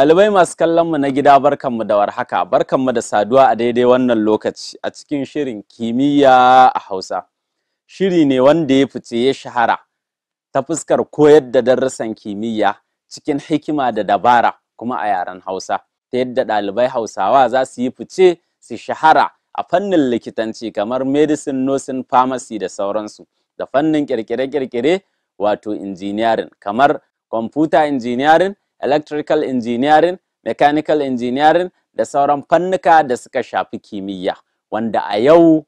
Ɗalibai masu kallonmu na gida barkanmu da warhaka, barkanmu da saduwa a daidai wannan lokaci a cikin shirin kimiyya a Hausa. Shiri ne wanda ya fice ya shahara ta fuskar koyar da darussan kimiyya cikin hikima da dabara kuma a yaren Hausa, ta yadda ɗalibai Hausawa za su yi fice su shahara a fannin likitanci kamar medicine, nursing, pharmacy da sauransu, da fannin ƙirƙire kirkire wato engineering kamar computer engineering electrical engineering mechanical engineering da sauran fannuka da suka shafi kimiyya wanda a yau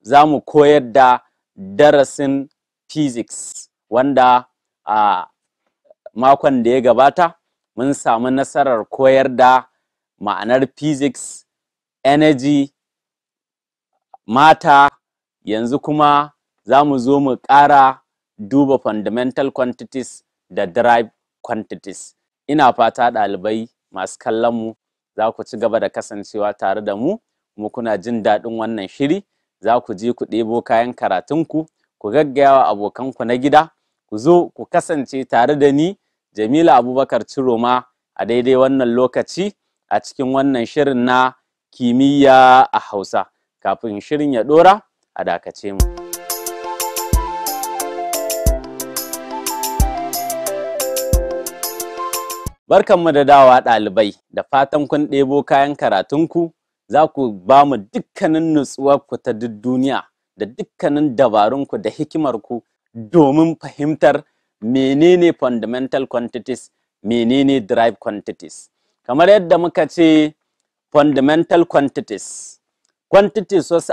za mu koyar da darasin physics wanda a makon da ya gabata mun samu nasarar koyar da ma'anar physics energy mata yanzu kuma za mu zo mu ƙara duba fundamental quantities da drive quantities ina fata ɗalibai masu kallon mu za ku ci gaba da kasancewa tare da mu kuma kuna jin daɗin wannan shiri za ku je ku ɗebo kayan karatunku ku gaggayawa abokanku na gida ku zo ku kasance tare da ni jamila abubakar ciroma a daidai wannan lokaci a cikin wannan shirin na kimiyya a hausa kafin shirin ya ɗora a dakace mu mu da dawa ɗalibai da fatan kun ɗebo kayan karatunku za ku ba mu dukkanin nutsuwarku ta duk duniya da dukkanin dabarunku da hikimarku domin fahimtar menene fundamental quantities menene drive quantities. Kamar yadda muka ce fundamental quantities, quantities wasu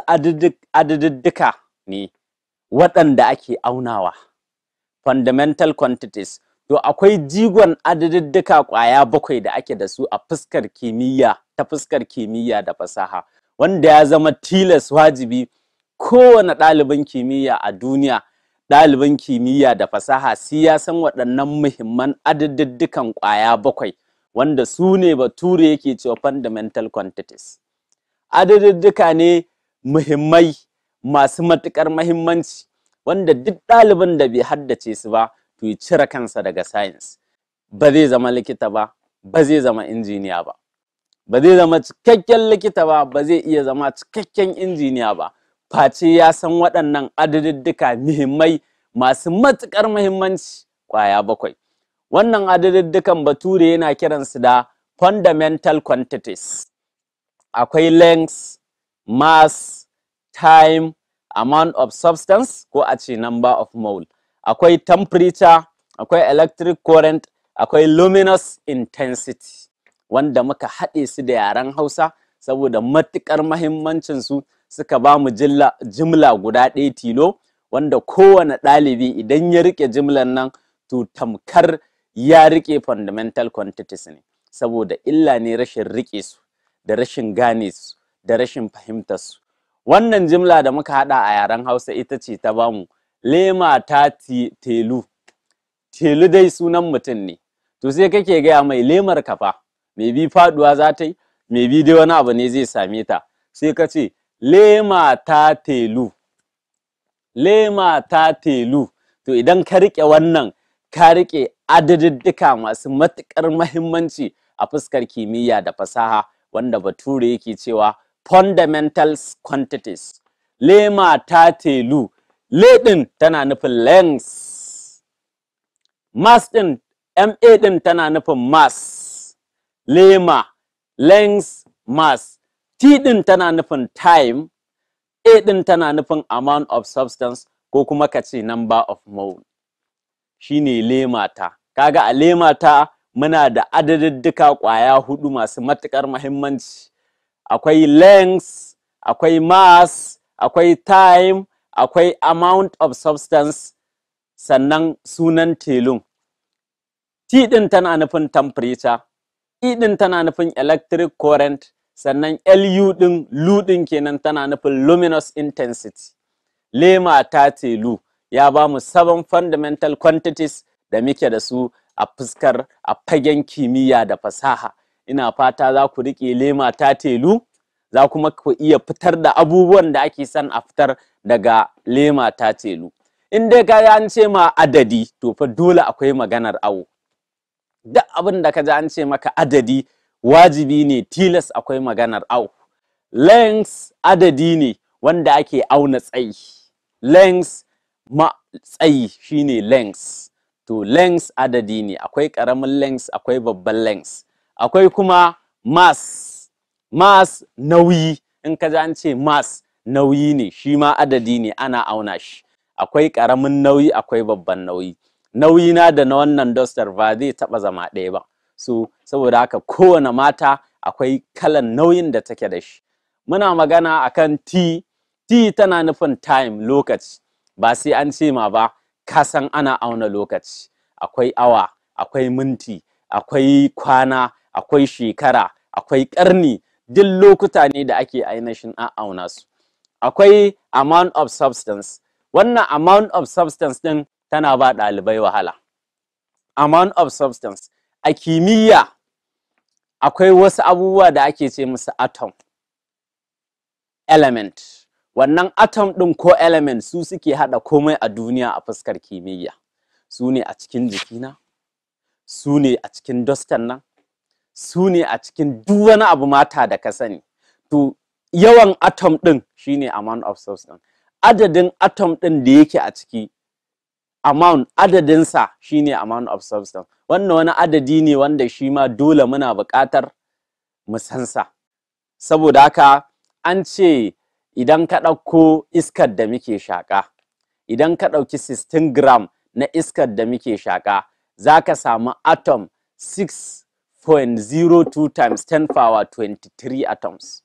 adadiddika ne waɗanda ake aunawa. Fundamental quantities to akwai jigon adadiddika kwaya bakwai da ake da su a fuskar kimiyya ta fuskar kimiyya da fasaha wanda ya zama tilas wajibi kowane ɗaliban kimiyya a duniya ɗaliban kimiyya da fasaha sai ya san waɗannan muhimman adadiddikan ƙwaya bakwai wanda su ne bature yake cewa fundamental quantities adadiddika ne muhimmai masu matuƙar muhimmanci, wanda duk ɗaliban da bai haddace su ba to ya cire kansa daga science ba zai zama likita ba ba zai zama injiniya ba ba zai zama cikakken likita ba ba zai iya zama cikakken injiniya ba face ya san waɗannan adadiddika muhimmai masu matuƙar muhimmanci ƙwaya bakwai wannan adadiddikan bature yana kiransu da fundamental quantities akwai length mass time amount of substance ko a ce number of mole akwai temperature akwai electric current akwai luminous intensity wanda muka haɗe su da yaren hausa saboda matuƙar mahimmancinsu suka ba mu jimla guda ɗaya tilo wanda kowane ɗalibi idan ya riƙe jimlar nan to tamkar ya riƙe fundamental quantities ne saboda illa ne rashin riƙe su da rashin gane su da rashin fahimtar su wannan jimla da muka haɗa a yaren hausa ita ce ta bamu lema ta telu telu dai sunan mutum ne to sai kake gaya mai lemar kafa mai bi faduwa za ta yi mai bi dai wani abu ne zai same ta sai kace ce lema ta telu lema ta telu to idan ka rike wannan ka riƙe adadiddika masu matuƙar mahimmanci a fuskar kimiyya da fasaha wanda bature yake cewa fundamental quantities lema ta telu le ɗin tana nufin lens mass ɗin ma ɗin tana nufin mass lema lens mass t ɗin tana nufin time a ɗin tana nufin amount of substance ko kuma ka ce number of mole shine lemata kaga a ta muna da adadiddika ƙwaya hudu masu matuƙar mahimmanci akwai length akwai mass akwai time akwai amount of substance sannan sunan telun T ɗin tana nufin temperature, E ɗin tana nufin electric current, sannan LU ɗin Lu ɗin kenan tana nufin luminous intensity. Lema ta telu ya ba mu seven fundamental quantities da muke da su a fuskar a fagen kimiyya da fasaha. Ina fata za ku riƙe lema ta telu, za kuma ku iya fitar da abubuwan da ake son a fitar daga lema ta telu in dai ka an ce ma adadi to fa dole akwai maganar awo duk abin da ka ji an ce maka adadi wajibi ne tilas akwai maganar awo lengths adadi ne wanda ake auna tsayi lengths ma tsayi shine lengths to lengths adadi ne akwai karamin lengths akwai babban lengths akwai kuma mas, mass nauyi in ka ji an ce mass nauyi ne shi ma adadi ne ana auna shi akwai ƙaramin nauyi akwai babban nauyi nauyi na da na wannan dostar ba zai taɓa zama ɗaya ba so saboda haka kowane mata akwai kalan nauyin da take da shi muna magana akan t t tana nufin time lokaci ba sai an ce ma ba ka san ana auna lokaci akwai awa akwai minti akwai kwana akwai shekara akwai ƙarni duk lokuta ne da ake ainihin auna su akwai amount of substance wannan amount of substance din tana ba ɗalibai wahala amount of substance a kimiyya akwai wasu abubuwa da ake ce musu atom element wannan atom ɗin ko element su suke haɗa komai a duniya a fuskar kimiyya su ne a cikin jikina su ne a cikin dustan nan su ne a cikin duk wani abu mata da ka sani to yawan atom ɗin shine amount of substance adadin atom ɗin da yake a ciki amount adadinsa shine amount of substance wannan wani adadi ne wanda shi ma dole muna buƙatar mu san sa saboda haka an ce idan ka ɗauko iskar da muke shaƙa idan ka ɗauki 16 gram na iskar da muke shaƙa za ka samu atom 6.02 times 10 power 23 atoms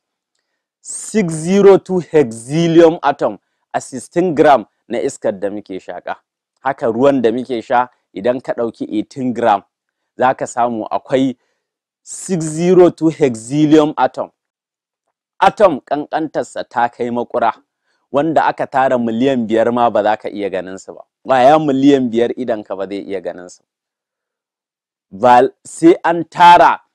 602 hexillium atom a 16 gram na iskar da muke shaƙa haka ruwan da muke sha idan ka ɗauki 18 gram za ka samu akwai 602 hexillium atom atom ƙanƙantarsa ta kai makura wanda aka tara miliyan biyar ma ba za ka iya ganinsu ba baya miliyan biyar idan ka ba zai iya ganinsu sai an tara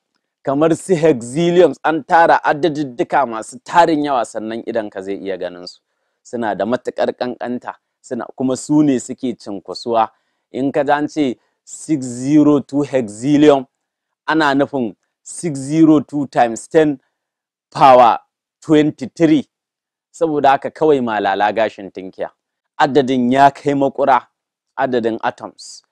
kamar su hexiliums an tara adadiddika masu tarin yawa sannan idan ka zai iya ganin su suna da matuƙar ƙanƙanta suna kuma su ne suke cinkusuwa in ka an ce 602 hexilium ana nufin 602 times 10 power 23 saboda haka kawai malala gashin tinkiya adadin ya kai makura adadin atoms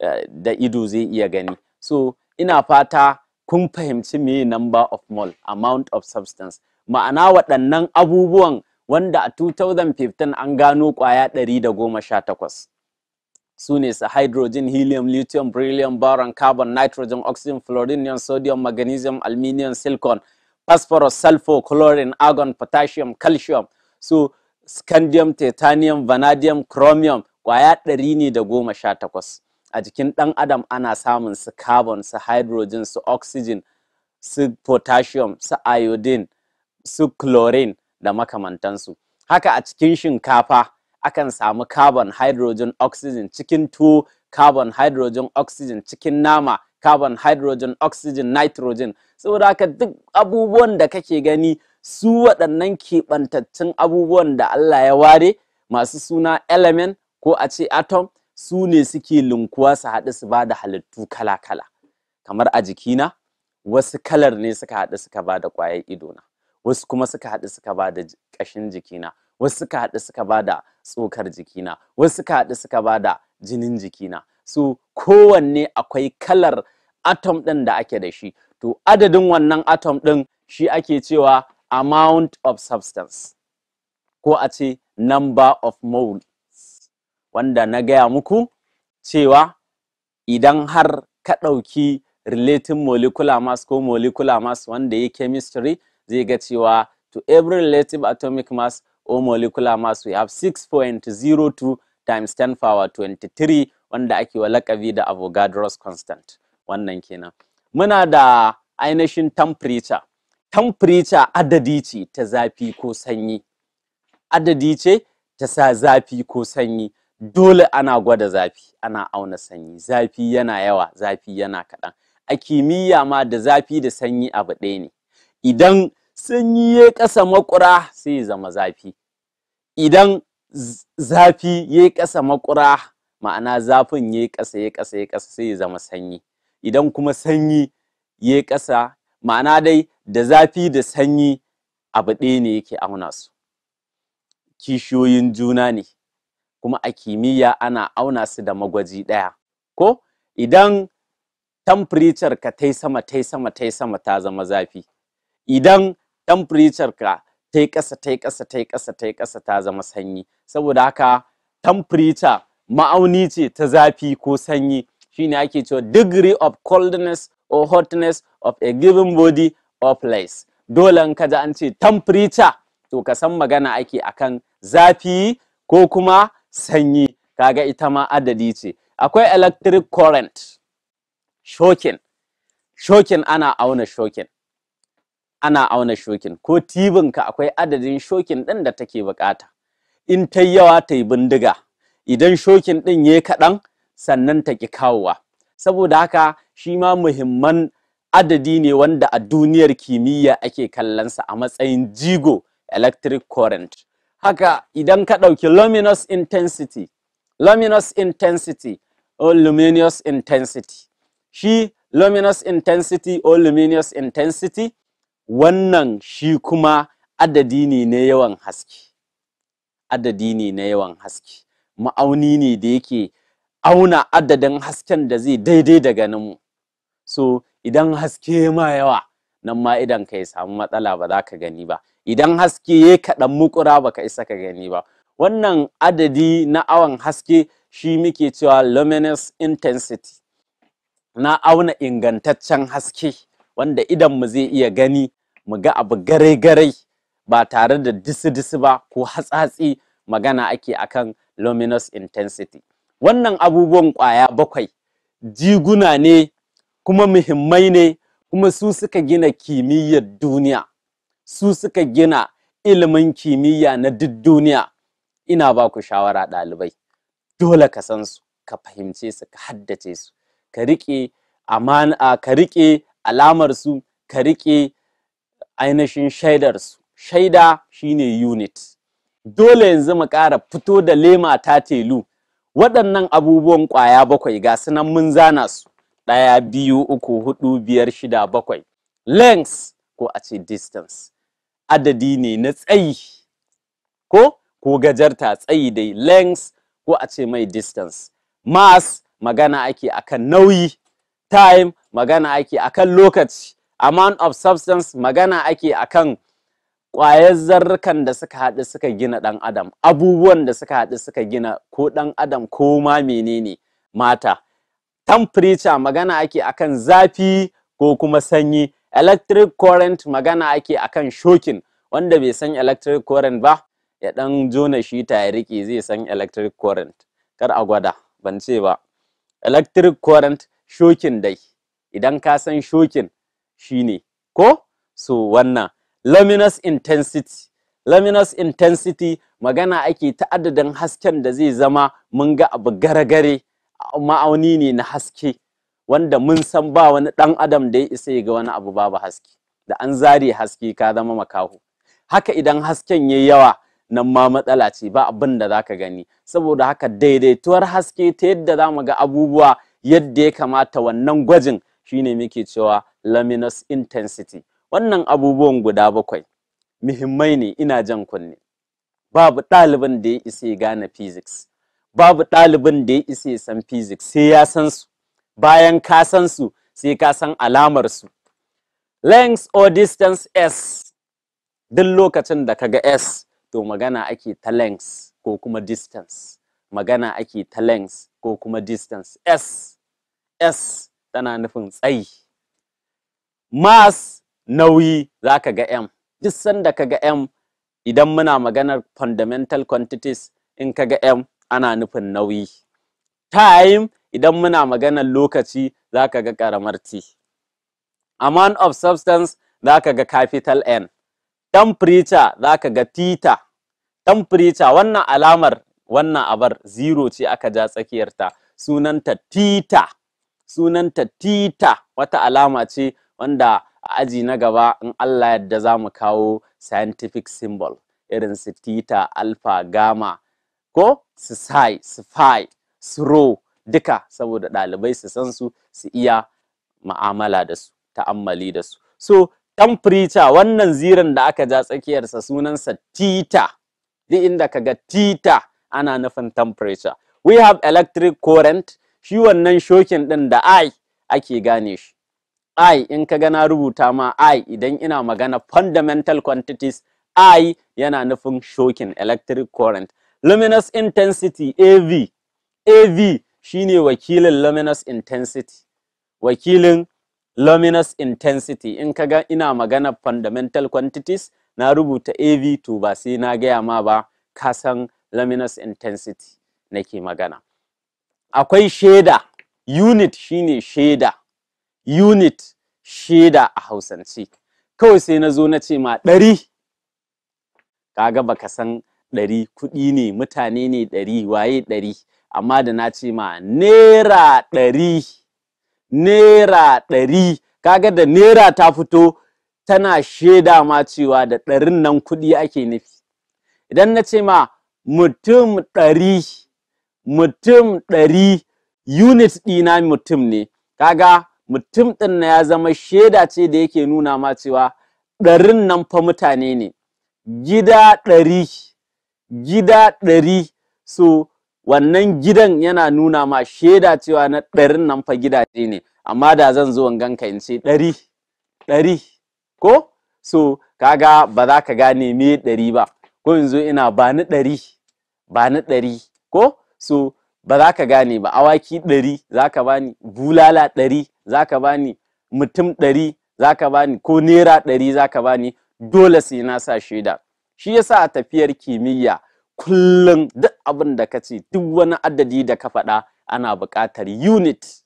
eh, da ido zai iya gani so ina fata kun fahimci me number of mole amount of substance ma'ana waɗannan abubuwan wanda a 2015 an gano ƙwaya 118 su ne su hydrogen helium lithium beryllium boron carbon nitrogen oxygen fluorinium sodium magnesium aluminium silicon phosphorus sulfur chlorine argon potassium calcium su scandium titanium vanadium chromium ƙwaya 118 a jikin ɗan adam ana samun su carbon su hydrogen su oxygen su potassium su iodine su chlorine da makamantansu haka a cikin shinkafa akan samu carbon hydrogen oxygen cikin tuwo carbon hydrogen oxygen cikin nama carbon hydrogen oxygen nitrogen saboda haka duk abubuwan da kake gani su waɗannan keɓantattun abubuwan da Allah ya ware masu suna element ko a ce atom su ne suke linkuwa su haɗu su ba da halittu kala-kala kamar a jikina wasu kalar ne suka haɗu suka ba da ƙwayar idona wasu kuma suka haɗu suka ba da ƙashin jikina wasu suka haɗu suka ba da tsokar jikina wasu suka haɗu suka ba da jinin jikina su kowanne akwai kalar atom ɗin da ake da shi to adadin wannan atom ɗin shi ake cewa amount of substance ko a ce number of mole wanda na gaya muku cewa idan har ka ɗauki relating molecular mass ko molecular mass wanda ya chemistry zai ga cewa to every relative atomic mass or molecular mass we have 6.02 times 10 power 23 wanda ake wa lakabi da Avogadro's constant wannan kenan muna da ainihin temperature temperature adadi ce ta zafi ko sanyi adadi ce ta sa zafi ko sanyi dole ana gwada zafi ana auna sanyi zafi yana yawa zafi yana kaɗan a kimiyya ma da zafi da sanyi abu ɗaya ne idan sanyi ya ƙasa makura sai ya zama zafi idan zafi ya ƙasa makura ma'ana zafin ya ƙasa ya ƙasa ya ƙasa sai ya zama sanyi idan kuma sanyi ya ƙasa ma'ana dai da zafi da sanyi abu ɗaya ne yake auna su kishiyoyin juna ne kuma a kimiyya ana auna su da magwaji ɗaya ko idan temperature ka tai sama ta sama ta sama ta zama zafi idan temperature ka tai ƙasa ta ƙasa ta ƙasa ta ƙasa ta zama sanyi saboda haka temperature ma'auni ce ta zafi ko sanyi shine ake cewa degree of coldness or hotness of a given body or place dole ka kaji an ce temperature to ka san magana ake akan zafi ko kuma sanyi kaga ita ma adadi ce akwai electric current shokin shokin ana auna shokin ana auna shokin ko tibinka akwai adadin shokin ɗin da take bukata in ta yawa ta yi bindiga idan shokin ɗin ya kaɗan sannan ta ki kawowa saboda haka shi ma muhimman adadi ne wanda a duniyar kimiyya ake kallonsa a matsayin jigo electric current haka idan ka ɗauki luminous intensity luminous intensity or luminous intensity shi luminous intensity or luminous intensity wannan shi kuma adadi ne na yawan haske adadi ne na yawan haske ma'auni ne da yake auna adadin hasken da zai daidai da ganinmu so idan haske ma yawa nan ma idan ka yi samu matsala ba za ka gani ba idan haske ya kaɗan mukura baka isa ka gani ba wannan adadi na awon haske shi muke cewa luminous intensity na auna ingantaccen haske wanda idan mu zai iya gani mu ga abu gare-gare ba tare da disi-disi ba ko hatsatsi magana ake akan luminous intensity wannan abubuwan ƙwaya bakwai jiguna ne kuma muhimmai ne kuma su suka gina kimiyyar duniya su suka gina ilimin kimiyya na duk duniya ina ba ku shawara ɗalibai dole ka san su ka fahimce su ka haddace su ka riƙe amana ka riƙe alamar su ka riƙe ainihin shaidar su shaida shine unit dole yanzu mu ƙara fito da lema ta telu waɗannan abubuwan ƙwaya bakwai ga sunan mun zana su ɗaya biyu uku hudu biyar shida bakwai length ko a ce distance adadi ne na tsayi ko ko gajarta tsayi dai length ko a ce mai distance mass magana ake akan nauyi time magana ake akan lokaci amount of substance magana ake akan ƙwayar zarrukan da suka haɗu suka gina ɗan adam abubuwan da suka haɗu suka gina ko ɗan adam ko ma menene mata temperature magana ake akan zafi ko kuma sanyi electric current magana ake akan shokin wanda bai san electric current ba ya dan jona shi ta ya rike zai san electric current kar a gwada ban ce ba electric current shokin dai idan ka san shokin shine ko so wannan luminous intensity luminous intensity magana ake ta addadin hasken da zai zama mun ga abu garagare ma'auni ne na haske wanda mun san ba wani ɗan adam da ya isa ya ga wani abu babu haske da an zare haske ka zama makaho haka idan hasken yayi yawa nan ma matsala ce ba abin da ka gani saboda haka daidaituwar haske ta yadda za mu ga abubuwa yadda ya kamata wannan gwajin shine muke cewa luminous intensity wannan abubuwan guda bakwai muhimmai ne ina jan kunne babu ɗalibin da ya isa ya gane physics babu ɗalibin da ya isa ya san physics sai ya san su bayan ka san su sai ka san alamar su length or distance s duk lokacin da kaga s to magana ake ta length ko kuma distance magana ake ta length ko kuma distance s s tana nufin tsayi mass nauyi zaka ga m duk sanda kaga m idan muna maganar fundamental quantities in kaga m ana nufin nauyi time idan muna maganar lokaci za ka ga ƙaramar t amount of substance za ka ga capital n temperature za ka ga theta temperature wannan alamar wannan abar zero ce aka ja tsakiyarta sunanta theta sunanta theta wata alama ce wanda a aji na gaba in Allah yadda za mu kawo scientific symbol irin su theta alpha gamma ko su psi su phi su rho duka saboda ɗalibai su san su su iya ma'amala da su ta'ammali da su so temperature wannan ziran da aka ja tsakiyarsa sunansa tita duk inda ka ga tita ana nufin temperature we have electric current shi wannan shokin ɗin da i ake gane shi i in ka gana rubuta ma i idan ina magana fundamental quantities i yana nufin shokin electric current luminous intensity av av shine wakilin luminous intensity wakilin luminous intensity in ka ga ina magana fundamental quantities na rubuta av to ba sai na gaya ma ba ka san luminous intensity nake magana akwai shaida unit shine shaida unit shaida a hausance kawai sai na zo na ce ma ɗari kaga baka san ɗari kuɗi ne mutane ne ɗari waye ɗari amma da na ce ma naira ɗari naira ɗari kaga da nera ta fito tana shaida ma cewa da ɗarin nan kuɗi ake nufi idan na ce ma mutum ɗari mutum ɗari unit ɗina mutum ne kaga mutum ɗin na ya zama shaida ce da yake nuna ma cewa ɗarin nan fa mutane ne gida ɗari gida ɗari so wannan gidan yana nuna ma shaida cewa na ɗarin nan fa gidaje ne amma da zan zo in ka in ce ɗari ɗari ko so kaga ba za ka gane me ɗari ba ko in zo ina ba ni ɗari ba ni ɗari ko so ba za ka gane ba awaki ɗari za ka bani bulala ɗari za ka bani mutum ɗari za ka bani ko naira ɗari za ka bani dole sai na sa shaida shi yasa a tafiyar kimiyya kullum duk abin da ka ce duk wani adadi da ka faɗa ana buƙatar unit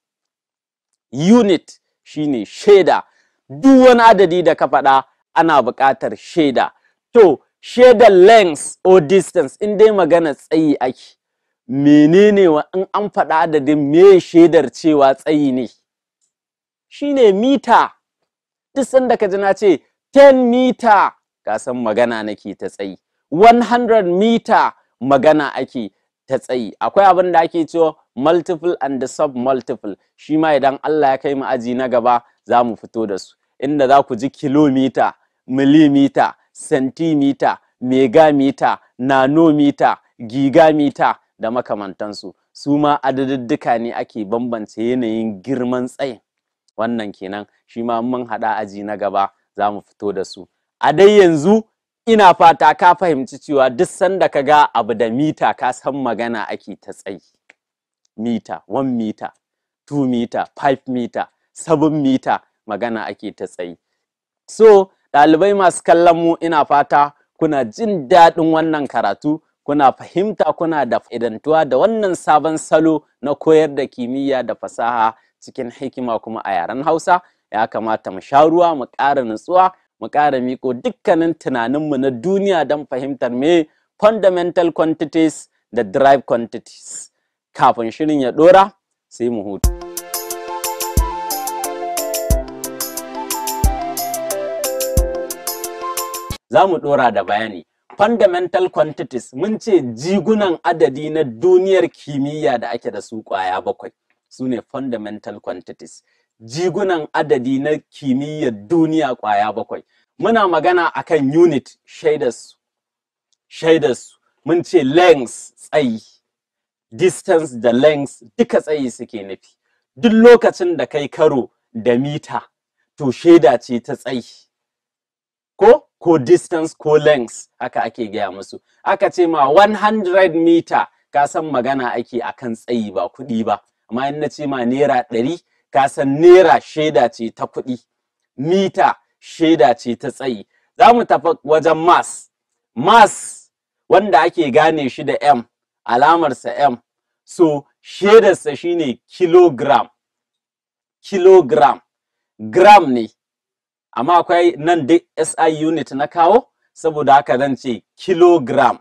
unit shine shaida duk wani adadi da ka faɗa ana buƙatar shaida to shaida length or distance in dai magana tsayi ake menene wa in an faɗa adadin me shaidar cewa tsayi ne shine mita duk sanda ka ji na ce 10 mita ka san magana nake ta tsayi 100 mita magana ake ta tsayi akwai abin da ake cewa multiple and the sub multiple shi ma idan Allah ya kai mu aji na gaba za mu fito da su inda za ku ji kilomita milimita sentimita mita, nanometer mita, da makamantansu su ma adadduka ne ake bambance yanayin girman tsayin wannan kenan shi ma mun haɗa aji na gaba za mu fito da su a dai yanzu ina fata ka fahimci cewa duk sanda ka ga abu da mita ka san magana ake ta tsayi mita 1 mita 2 mita five mita 7 mita magana ake ta tsayi so ɗalibai masu kallon mu ina fata kuna jin daɗin wannan karatu kuna fahimta kuna da fa'idantuwa da wannan sabon salo na koyar da kimiyya da fasaha cikin hikima kuma a yaren hausa ya kamata mu sha ruwa mu ƙara nutsuwa mu ƙara miko dukkanin tunaninmu na duniya don fahimtar me fundamental quantities da drive quantities kafin shirin ya ɗora sai mu hutu za mu ɗora da bayani fundamental quantities mun ce jigunan adadi na duniyar kimiyya da ake da su ƙwaya bakwai su ne fundamental quantities jigunan adadi na kimiyyar duniya kwaya bakwai. Muna magana a kan unit shaidas mun ce lengths tsayi, distance da lengths duka tsayi suke nufi. Duk lokacin da kai karo da mita, to shaida ce ta tsayi. Ko? Ko distance ko lengths haka ake gaya musu. Aka ce ma 100 meter kasan magana ake akan tsayi ba kuɗi ba. Amma in na ce ma naira ɗari Kasan nera shaida ce ta kuɗi mita shaida ce ta tsayi za mu tafi wajen mas mas wanda ake gane shi da m alamarsa m so shaidarsa shine kilogram kilogram gram ne amma akwai nan duk SI unit na kawo saboda haka zan ce kilogram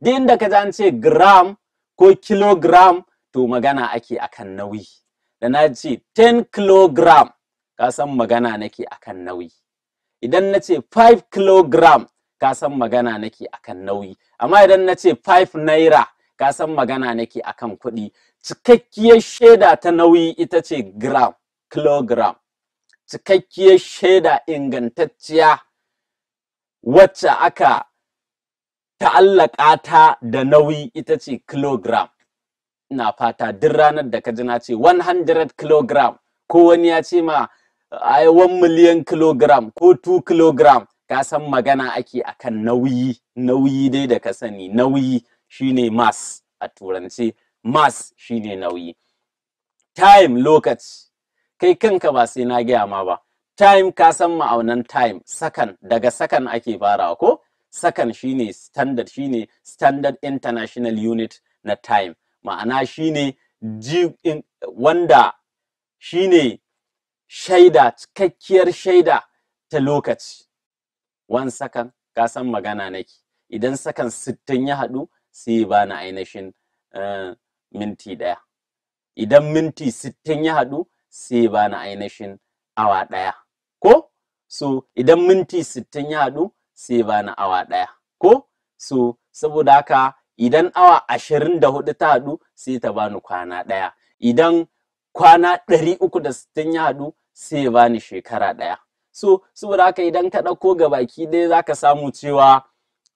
duk inda ka ce gram ko kilogram to magana ake akan nauyi da na ce 10 kilogram ka san magana nake akan nauyi idan na ce 5 kilogram ka san magana nake akan nauyi amma idan na ce 5 naira ka san magana nake akan kuɗi cikakkiyar shaida ta nauyi ita ce gram kilogram cikakkiyar shaida ingantacciya wacce aka ta'allaka ta da nauyi ita ce kilogram na fata duk ranar da ka ji na ce 100 kg ko wani ya ce ma ai 1 million kg ko 2 kg ka san magana ake akan nauyi nauyi dai da ka sani nauyi shine mass a turance mass shine nauyi time lokaci kai kanka ba sai na gaya ma ba time ka san ma'aunan time sakan daga sakan ake farawa ko sakan shine standard shine standard international unit na time ma'ana shine wanda shine shaida cikakkiyar shaida ta lokaci wan sakan ka san magana nake idan sakan sittin ya hadu sai bani na ainihin eh, minti daya. idan minti sittin ya hadu sai bani na ainihin awa daya ko so idan minti sittin ya hadu sai bani awa daya ko so saboda haka idan awa ashirin da hudu ta haɗu sai ta bani kwana ɗaya idan kwana ɗari uku da sittin ya haɗu sai ya bani shekara ɗaya so saboda haka idan ka ɗauko ga baki ɗaya za ka samu cewa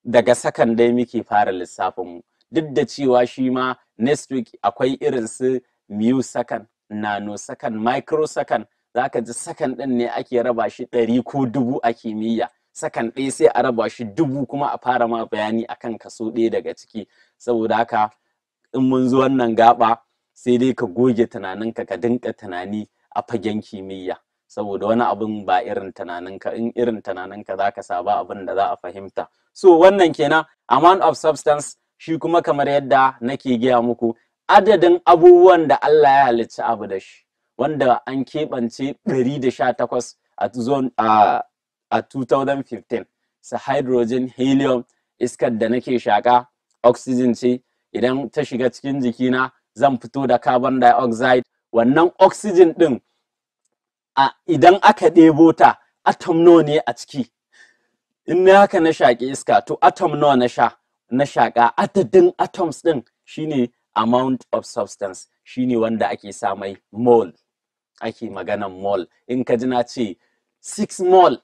daga sakan dai muke fara lissafin mu duk da cewa shi ma next week akwai irin su miyu sakan nano sakan micro sakan za ka ji sakan ɗin ne ake raba shi ɗari ko dubu a kimiyya sakan ɗaya sai a raba shi dubu kuma a fara ma bayani akan kaso ɗaya daga ciki saboda haka in mun zo wannan gaɓa, sai dai ka goge tunaninka ka dinka tunani a fagen kimiyya saboda wani abin ba irin tunaninka in irin tunaninka za ka saba abin da za a fahimta so wannan kenan amount of substance shi kuma kamar yadda nake gaya muku adadin abubuwan da Allah ya halicci abu da shi wanda an keɓance 118 a a 2015 su hydrogen helium iskar da nake shaka oxygen ce idan ta shiga cikin jikina zan fito da carbon dioxide wannan oxygen ɗin idan aka ɗebo ta atom nawa ne a ciki in haka na shaki iska to atom nawa na sha na shaƙa adadin atoms ɗin shine amount of substance shine wanda ake samai mai mole ake maganan mole in ka ji na ce 6 mole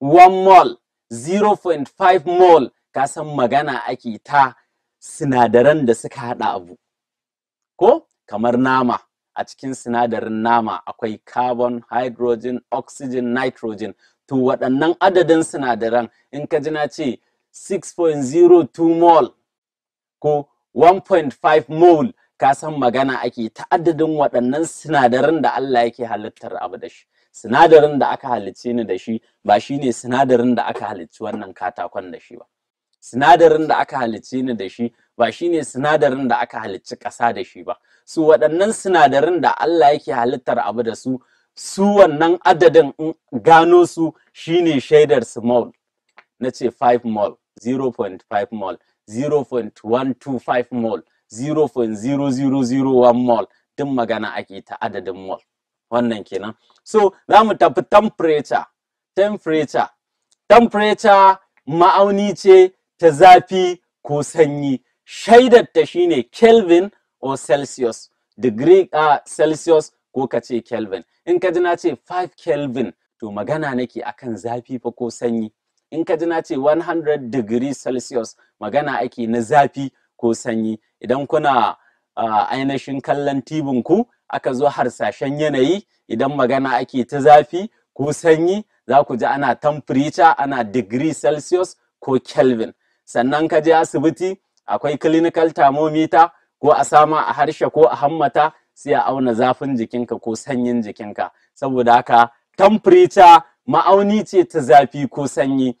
1 mol 0.5 mol ka san magana ake ta sinadaran da suka hada abu ko kamar nama a cikin sinadarin nama akwai carbon hydrogen oxygen nitrogen to waɗannan adadin sinadaran in ka ji na ce 6.02 mol ko 1.5 mol ka san magana ake ta adadin waɗannan sinadaran da Allah yake halittar abu da shi sinadarin da aka halicce ni da shi ba shi ne sinadarin da aka halicci wannan katakon da shi ba sinadarin da aka halicce ni da shi ba shine sinadarin da aka halicci ƙasa da shi ba su waɗannan sinadarin da Allah yake halittar abu da su su wannan adadin gano su shine shaidar su mol na ce 5 mol 0.5 mol 0.125 mol 0.0001 mol din magana ake ta adadin mol wannan kenan so za mu tafi temperature temperature temperature ma'auni ce ta zafi ko sanyi shaidar ta shine kelvin or celsius degree a celsius ko ka ce kelvin in ka ji na ce 5 kelvin to magana nake akan zafi fa ko sanyi in ka ji na ce 100 degree celsius magana ake na zafi ko sanyi idan kuna uh, ainihin kallon tibin ku aka zo harsashen yanayi idan magana ake ta zafi ko sanyi za ku ji ana temperature ana degree celsius ko kelvin sannan ka je asibiti akwai clinical thermometer ko a sama a harshe ko a hammata sai a auna zafin jikinka ko sanyin jikinka saboda haka temperature ma'auni ce ta zafi ko sanyi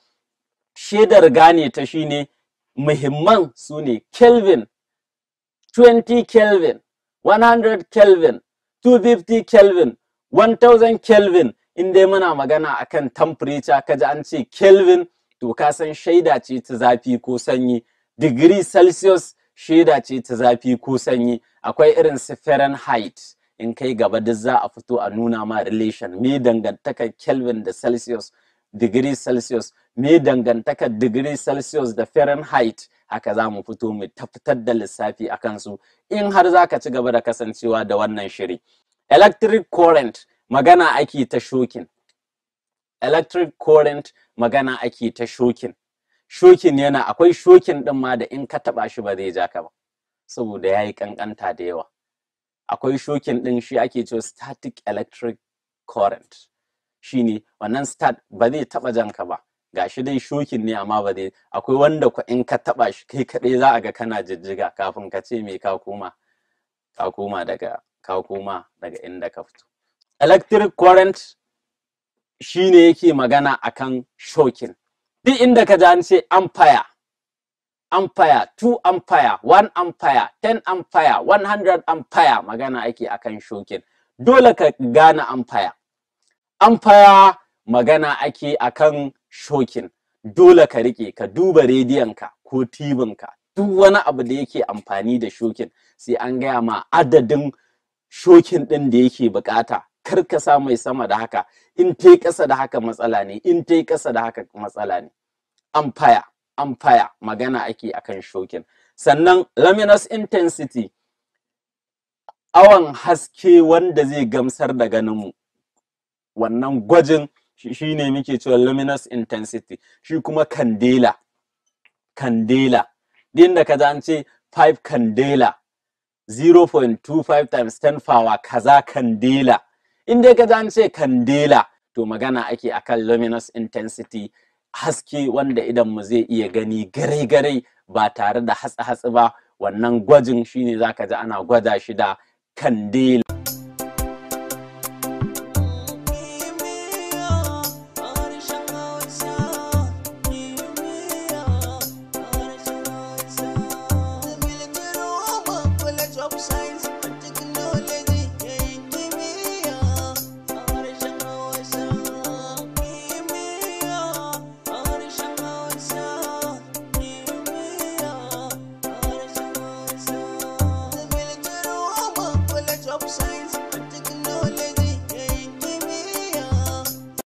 shaidar gane ta shine muhimman su ne kelvin 20 kelvin 100 kelvin 250 kelvin 1000 kelvin in dai muna magana akan temperature kaji an ce kelvin to ka san shaida ce ta zafi ko sanyi degree celsius shaida ce ta zafi ko sanyi akwai irin su fahrenheit in kai gaba duk za a fito a nuna ma relation me dangantaka kelvin da celsius degree celsius me dangantaka degree celsius da fahrenheit haka za mu fito mu tafitar da lissafi a kansu in har za ka ci gaba da kasancewa da wannan shiri electric current magana ake ta shokin electric current magana ake ta shokin shokin yana akwai shokin ɗin ma da in ka taɓa shi ba zai ja ka ba saboda ya yi ƙanƙanta da yawa akwai shokin ɗin shi ake cewa static electric current shi ne wannan stat ba zai taɓa jan ka ba Ga shi dai shokin ne amma ba dai akwai wanda ku in ka taba shi kai kadai za a ga kana jijjiga kafin ka ce me ka koma ka koma daga ka koma daga inda ka fito electric current shine yake magana akan shokin duk inda ka ji an ce ampere ampere two ampere one ampere ten ampere one hundred ampere magana ake akan shokin dole ka gane ampere ampere magana ake akan shokin dole ka rike ka duba rediyonka ko tibinka duk wani abu da yake amfani da shokin sai an gaya ma adadin shokin ɗin da yake bukata kar ka sa mai sama da haka in tai ƙasa da haka matsala ne in tai ƙasa da haka matsala ne amfaya amfaya magana ake akan shokin sannan luminous intensity awan haske wanda zai gamsar da ganinmu wannan gwajin shi ne muke cewa luminous intensity shi kuma candela candela din da kaza an ce 5 candela 0.25 times 10 power kaza candela in dai kaza an ce candela to magana ake akan luminous intensity haske wanda idan mu zai iya gani gare-gare ba tare da hatsi hatsi ba wannan gwajin shine zaka ji ana gwada shi da candela